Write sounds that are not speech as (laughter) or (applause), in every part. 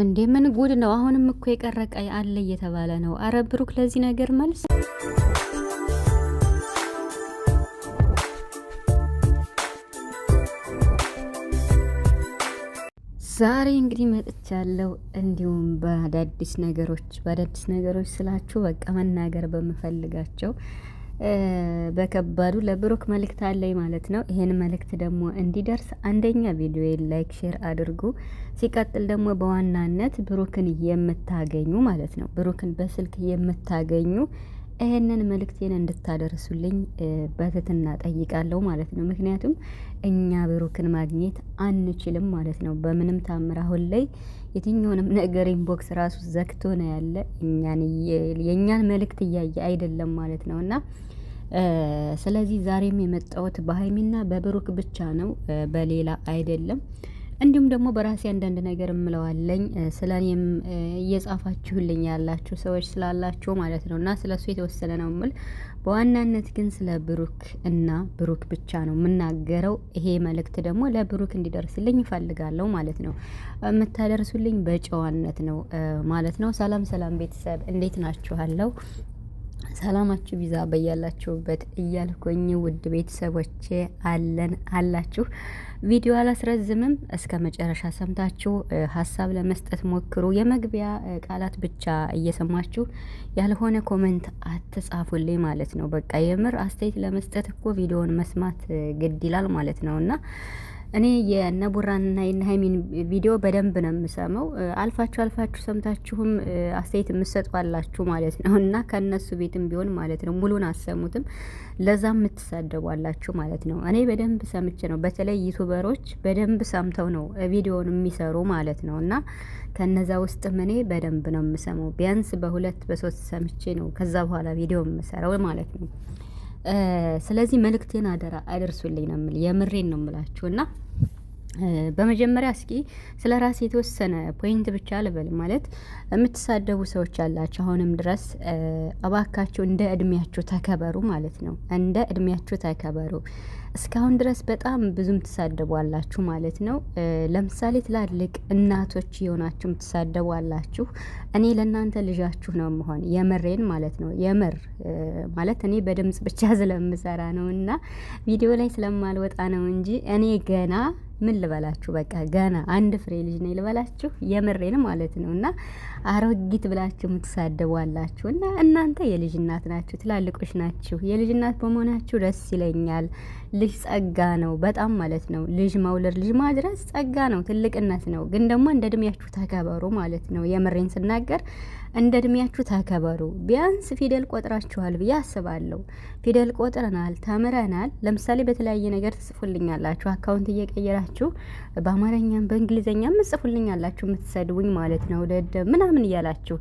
እንዴ ምን ጉድ ነው! አሁንም እኮ የቀረቀ አለ እየተባለ ነው። አረ ብሩክ ለዚህ ነገር መልስ ዛሬ እንግዲህ መጥቻለሁ። እንዲሁም በአዳዲስ ነገሮች በአዳዲስ ነገሮች ስላችሁ በቃ መናገር በምፈልጋቸው በከባዱ ለብሩክ መልእክት አለኝ ማለት ነው። ይሄን መልእክት ደግሞ እንዲደርስ አንደኛ ቪዲዮ ላይክ፣ ሼር አድርጉ። ሲቀጥል ደግሞ በዋናነት ብሩክን የምታገኙ ማለት ነው ብሩክን በስልክ የምታገኙ ይሄንን መልእክቴን እንድታደርሱልኝ በትትና ጠይቃለሁ ማለት ነው። ምክንያቱም እኛ ብሩክን ማግኘት አንችልም ማለት ነው። በምንም ታምር አሁን ላይ የትኛውንም ነገር ኢንቦክስ ራሱ ዘግቶ ነው ያለ። እኛን የእኛን መልእክት እያየ አይደለም ማለት ነው እና ስለዚህ ዛሬም የመጣሁት በሀይሚና በብሩክ ብቻ ነው፣ በሌላ አይደለም። እንዲሁም ደግሞ በራሴ አንዳንድ ነገር እምለዋለኝ ስለ እኔም እየጻፋችሁልኝ ያላችሁ ሰዎች ስላላችሁ ማለት ነው እና ስለ እሱ የተወሰነ ነው ምል በዋናነት ግን ስለ ብሩክ እና ብሩክ ብቻ ነው የምናገረው። ይሄ መልእክት ደግሞ ለብሩክ እንዲደርስልኝ ይፈልጋለሁ ማለት ነው። የምታደርሱልኝ በጨዋነት ነው ማለት ነው። ሰላም ሰላም ቤተሰብ እንዴት ናችኋለሁ? ሰላማችሁ ቢዛ በያላችሁበት እያልኩኝ ውድ ቤተሰቦቼ አለን አላችሁ። ቪዲዮ አላስረዝምም፣ እስከ መጨረሻ ሰምታችሁ ሀሳብ ለመስጠት ሞክሩ። የመግቢያ ቃላት ብቻ እየሰማችሁ ያልሆነ ኮመንት አትጻፉልኝ ማለት ነው። በቃ የምር አስተያየት ለመስጠት እኮ ቪዲዮውን መስማት ግድ ይላል ማለት ነው እና እኔ የነቡራንና የነሀይሚን ቪዲዮ በደንብ ነው የምሰማው። አልፋችሁ አልፋችሁ ሰምታችሁም አስተያየት የምትሰጧላችሁ ማለት ነው እና ከእነሱ ቤትም ቢሆን ማለት ነው ሙሉን አሰሙትም ለዛ የምትሳደቧላችሁ ማለት ነው። እኔ በደንብ ሰምቼ ነው። በተለይ ዩቱበሮች በደንብ ሰምተው ነው ቪዲዮን የሚሰሩ ማለት ነው እና ከነዛ ውስጥም እኔ በደንብ ነው የምሰማው። ቢያንስ በሁለት በሶስት ሰምቼ ነው ከዛ በኋላ ቪዲዮ የምሰራው ማለት ነው። ስለዚህ መልእክቴን አደራ አደርሱልኝ ነው የምል የምሬን ነው እና በመጀመሪያ እስኪ ስለ ራስ የተወሰነ ፖይንት ብቻ ልበል። ማለት የምትሳደቡ ሰዎች አላቸው አሁንም ድረስ አባካቸው እንደ እድሜያቸው ተከበሩ ማለት ነው። እንደ እድሜያቸው ተከበሩ። እስካሁን ድረስ በጣም ብዙም ትሳደቡ አላችሁ ማለት ነው። ለምሳሌ ትላልቅ እናቶች የሆናችሁ ትሳደቡ አላችሁ። እኔ ለእናንተ ልጃችሁ ነው መሆን የምሬን ማለት ነው። የምር ማለት እኔ በድምጽ ብቻ (laughs) ስለምሰራ ነው እና ቪዲዮ ላይ ስለማልወጣ ነው እንጂ እኔ ገና ምን ልበላችሁ፣ በቃ ገና አንድ ፍሬ ልጅ ነኝ ልበላችሁ፣ የምሬን ማለት ነው። እና አሮጊት ብላችሁ የምትሳደቡ አላችሁ። እና እናንተ የልጅ እናት ናችሁ፣ ትላልቆች ናችሁ። የልጅ እናት በመሆናችሁ ደስ ይለኛል። ልጅ ጸጋ ነው በጣም ማለት ነው። ልጅ መውለድ፣ ልጅ ማድረስ ጸጋ ነው፣ ትልቅነት ነው። ግን ደግሞ እንደ እድሜያችሁ ተከበሩ ማለት ነው። የምሬን ስናገር እንደ እድሜያችሁ ተከበሩ። ቢያንስ ፊደል ቆጥራችኋል ብዬ አስባለሁ። ፊደል ቆጥረናል፣ ተምረናል። ለምሳሌ በተለያየ ነገር ትጽፉልኛላችሁ፣ አካውንት እየቀየራችሁ በአማርኛም በእንግሊዝኛም ትጽፉልኛላችሁ፣ የምትሰድቡኝ ማለት ነው ደደ ምናምን እያላችሁ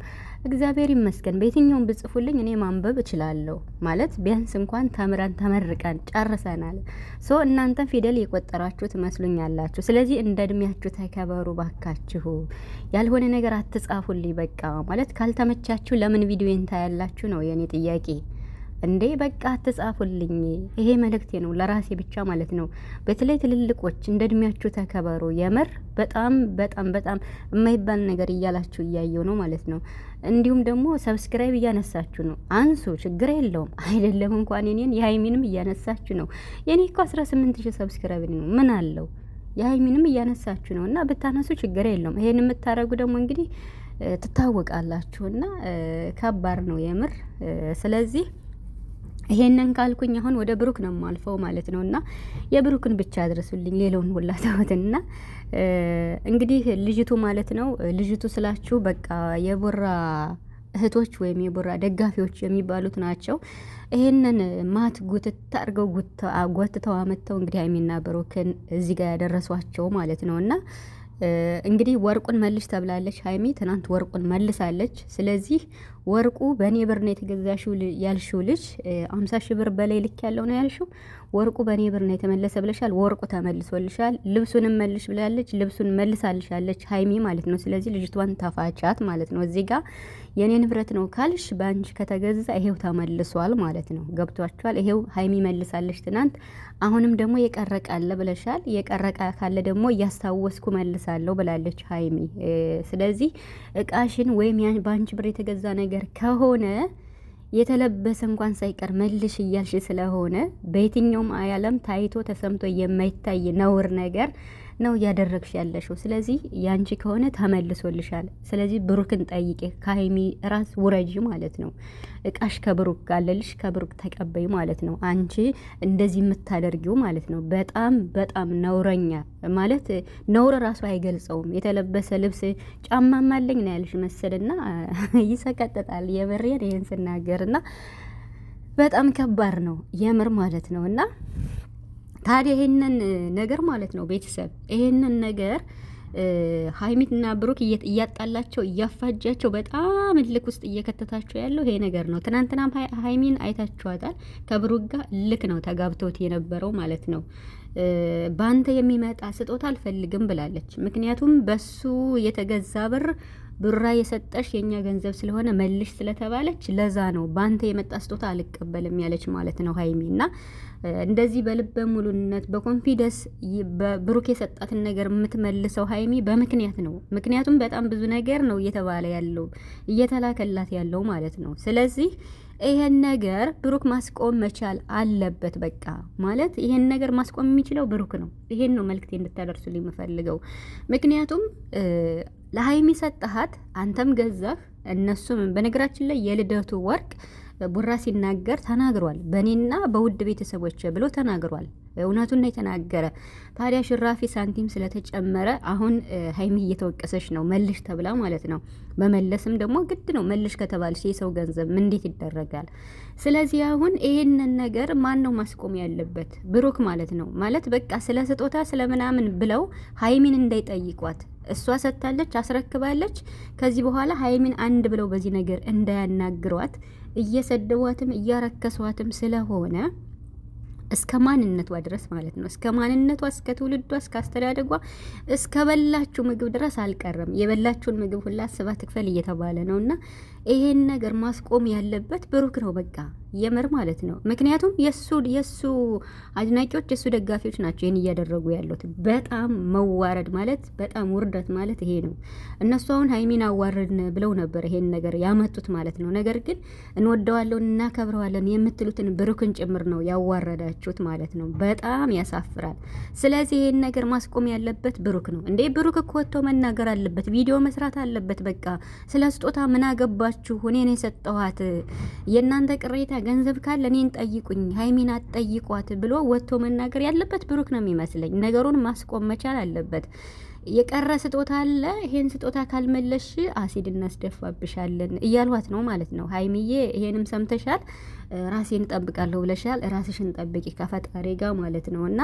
እግዚአብሔር ይመስገን በየትኛውም ብጽፉልኝ እኔ ማንበብ እችላለሁ። ማለት ቢያንስ እንኳን ተምረን ተመርቀን ጨርሰናል። ሶ እናንተን ፊደል የቆጠራችሁ ትመስሉኛላችሁ። ስለዚህ እንደ እድሜያችሁ ተከበሩ ባካችሁ። ያልሆነ ነገር አትጻፉልኝ። በቃ ማለት ካልተመቻችሁ ለምን ቪዲዮ እንታያላችሁ ነው የእኔ ጥያቄ። እንዴ በቃ አትጻፉልኝ። ይሄ መልእክቴ ነው ለራሴ ብቻ ማለት ነው። በተለይ ትልልቆች እንደ እድሜያችሁ ተከበሩ። የምር በጣም በጣም በጣም የማይባል ነገር እያላችሁ እያየው ነው ማለት ነው። እንዲሁም ደግሞ ሰብስክራይብ እያነሳችሁ ነው። አንሱ፣ ችግር የለውም (laughs) አይደለም። እንኳን የኔን የሀይሚንም እያነሳችሁ ነው። የኔ እኮ አስራ ሺህ ሰብስክራይብ ነው ምን አለው? የሀይሚንም እያነሳችሁ ነው እና ብታነሱ ችግር የለውም። ይሄን የምታደርጉ ደግሞ እንግዲህ ትታወቃላችሁና ከባድ ነው የምር ስለዚህ ይሄንን ካልኩኝ አሁን ወደ ብሩክ ነው የማልፈው ማለት ነው። እና የብሩክን ብቻ አድረሱልኝ ሌላውን ሁላ ተውትና፣ እንግዲህ ልጅቱ ማለት ነው ልጅቱ ስላችሁ በቃ የቦራ እህቶች ወይም የቦራ ደጋፊዎች የሚባሉት ናቸው። ይሄንን ማት ጉትት አድርገው ጎትተው አመጥተው እንግዲህ ሀይሚና እዚህ ጋር ያደረሷቸው ማለት ነው እና እንግዲህ ወርቁን መልሽ ተብላለች ሀይሚ ትናንት ወርቁን መልሳለች። ስለዚህ ወርቁ በእኔ ብር ነው የተገዛሽው ያልሽው ልጅ አምሳ ሺ ብር በላይ ልክ ያለው ነው ያልሽው ወርቁ በእኔ ብር ነው የተመለሰ ብለሻል። ወርቁ ተመልሶልሻል። ልብሱንም መልሽ ብላለች። ልብሱን መልሳልሻለች ሀይሚ ማለት ነው። ስለዚህ ልጅቷን ተፋቻት ማለት ነው። እዚህ ጋር የእኔ ንብረት ነው ካልሽ በአንቺ ከተገዛ ይሄው ተመልሷል ማለት ነው። ገብቷችኋል? ይሄው ሀይሚ መልሳለች ትናንት። አሁንም ደግሞ የቀረቀ አለ ብለሻል። የቀረቀ ካለ ደግሞ እያስታወስኩ መልሳለሁ ብላለች ሀይሚ። ስለዚህ እቃሽን ወይም በአንቺ ብር የተገዛ ነገር ከሆነ የተለበሰ እንኳን ሳይቀር መልሽ እያልሽ ስለሆነ በየትኛውም ዓለም ታይቶ ተሰምቶ የማይታይ ነውር ነገር ነው እያደረግሽ ያለሽው። ስለዚህ ያንቺ ከሆነ ተመልሶልሻል። ስለዚህ ብሩክን ጠይቄ ከሀይሚ ራስ ውረጂ ማለት ነው። እቃሽ ከብሩክ ጋለልሽ ከብሩክ ተቀበይ ማለት ነው። አንቺ እንደዚህ የምታደርጊው ማለት ነው በጣም በጣም ነውረኛ ማለት ነውር ራሱ አይገልጸውም። የተለበሰ ልብስ ጫማም አለኝ ነው ያልሽ መሰልና (laughs) ይሰቀጥጣል። የበሬን ይህን ስናገር እና በጣም ከባድ ነው የምር ማለት ነው እና ታዲያ ይሄንን ነገር ማለት ነው ቤተሰብ ይሄንን ነገር ሀይሚትና ብሩክ እያጣላቸው እያፋጃቸው በጣም እልክ ውስጥ እየከተታቸው ያለው ይሄ ነገር ነው። ትናንትናም ሀይሚን አይታችኋታል። ከብሩክ ጋር እልክ ነው ተጋብቶት የነበረው ማለት ነው። በአንተ የሚመጣ ስጦታ አልፈልግም ብላለች። ምክንያቱም በሱ የተገዛ ብር ብራ የሰጠሽ የእኛ ገንዘብ ስለሆነ መልሽ ስለተባለች ለዛ ነው በአንተ የመጣ ስጦታ አልቀበልም ያለች ማለት ነው ሀይሚ እና እንደዚህ በልበ ሙሉነት በኮንፊደንስ ብሩክ የሰጣትን ነገር የምትመልሰው ሀይሚ በምክንያት ነው። ምክንያቱም በጣም ብዙ ነገር ነው እየተባለ ያለው እየተላከላት ያለው ማለት ነው። ስለዚህ ይሄን ነገር ብሩክ ማስቆም መቻል አለበት። በቃ ማለት ይሄን ነገር ማስቆም የሚችለው ብሩክ ነው። ይሄን ነው መልክቴ እንድታደርሱልኝ የምፈልገው ምክንያቱም ለሀይሚ ሰጠሃት፣ አንተም ገዛህ፣ እነሱም በነገራችን ላይ የልደቱ ወርቅ ቡራ ሲናገር ተናግሯል። በእኔና በውድ ቤተሰቦች ብሎ ተናግሯል። እውነቱን ነው የተናገረ። ታዲያ ሽራፊ ሳንቲም ስለተጨመረ አሁን ሀይሚ እየተወቀሰች ነው መልሽ ተብላ ማለት ነው። በመለስም ደግሞ ግድ ነው መልሽ ከተባልሽ የሰው ገንዘብ እንዴት ይደረጋል? ስለዚህ አሁን ይሄንን ነገር ማን ነው ማስቆም ያለበት? ብሩክ ማለት ነው። ማለት በቃ ስለ ስጦታ ስለ ምናምን ብለው ሀይሚን እንዳይጠይቋት እሷ ሰጥታለች፣ አስረክባለች። ከዚህ በኋላ ሀይሚን አንድ ብለው በዚህ ነገር እንዳያናግሯት እየሰደቧትም እያረከሷትም ስለሆነ እስከ ማንነቷ ድረስ ማለት ነው። እስከ ማንነቷ፣ እስከ ትውልዷ፣ እስከ አስተዳደጓ፣ እስከ በላችሁ ምግብ ድረስ አልቀረም። የበላችሁን ምግብ ሁላ ስባ ትክፈል እየተባለ ነው እና ይሄን ነገር ማስቆም ያለበት ብሩክ ነው በቃ የምር ማለት ነው። ምክንያቱም የሱ የሱ አድናቂዎች የሱ ደጋፊዎች ናቸው ይህን እያደረጉ ያሉት። በጣም መዋረድ ማለት በጣም ውርደት ማለት ይሄ ነው። እነሱ አሁን ሀይሚን አዋርድን ብለው ነበር ይሄን ነገር ያመጡት ማለት ነው። ነገር ግን እንወደዋለን እናከብረዋለን የምትሉትን ብሩክን ጭምር ነው ያዋረዳችሁት ማለት ነው። በጣም ያሳፍራል። ስለዚህ ይሄን ነገር ማስቆም ያለበት ብሩክ ነው እንዴ። ብሩክ እኮ ወጥቶ መናገር አለበት፣ ቪዲዮ መስራት አለበት። በቃ ስለ ስጦታ ምን አገባችሁ? እኔ የሰጠኋት የእናንተ ቅሬታ ገንዘብ ካለ እኔን ጠይቁኝ፣ ሀይሚን አትጠይቋት ብሎ ወጥቶ መናገር ያለበት ብሩክ ነው የሚመስለኝ። ነገሩን ማስቆም መቻል አለበት። የቀረ ስጦታ አለ፣ ይሄን ስጦታ ካልመለሽ አሲድ እናስደፋብሻለን እያልኋት ነው ማለት ነው። ሀይሚዬ ይሄንም ሰምተሻል። ራሴን እጠብቃለሁ ብለሻል። ራስሽን ጠብቂ ከፈጣሪ ጋር ማለት ነው እና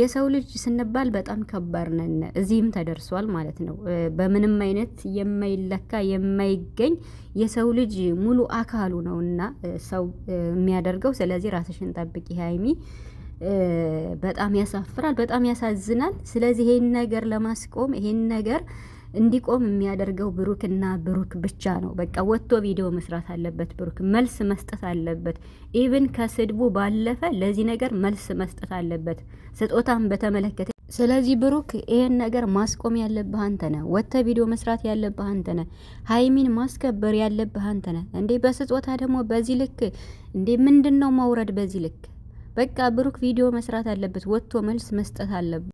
የሰው ልጅ ስንባል በጣም ከባድ ነን። እዚህም ተደርሷል ማለት ነው። በምንም አይነት የማይለካ የማይገኝ የሰው ልጅ ሙሉ አካሉ ነው እና ሰው የሚያደርገው። ስለዚህ ራስሽን ጠብቂ ሀይሚ። በጣም ያሳፍራል፣ በጣም ያሳዝናል። ስለዚህ ይሄን ነገር ለማስቆም ይሄን ነገር እንዲቆም የሚያደርገው ብሩክ እና ብሩክ ብቻ ነው። በቃ ወጥቶ ቪዲዮ መስራት አለበት። ብሩክ መልስ መስጠት አለበት። ኢቭን ከስድቡ ባለፈ ለዚህ ነገር መልስ መስጠት አለበት፣ ስጦታን በተመለከተ። ስለዚህ ብሩክ ይሄን ነገር ማስቆም ያለብህ አንተ ነህ። ወጥተህ ቪዲዮ መስራት ያለብህ አንተ ነህ። ሀይሚን ማስከበር ያለብህ አንተ ነህ። እንዴ በስጦታ ደግሞ በዚህ ልክ እንዴ! ምንድን ነው መውረድ በዚህ ልክ በቃ ብሩክ ቪዲዮ መስራት አለበት፣ ወጥቶ መልስ መስጠት አለበት።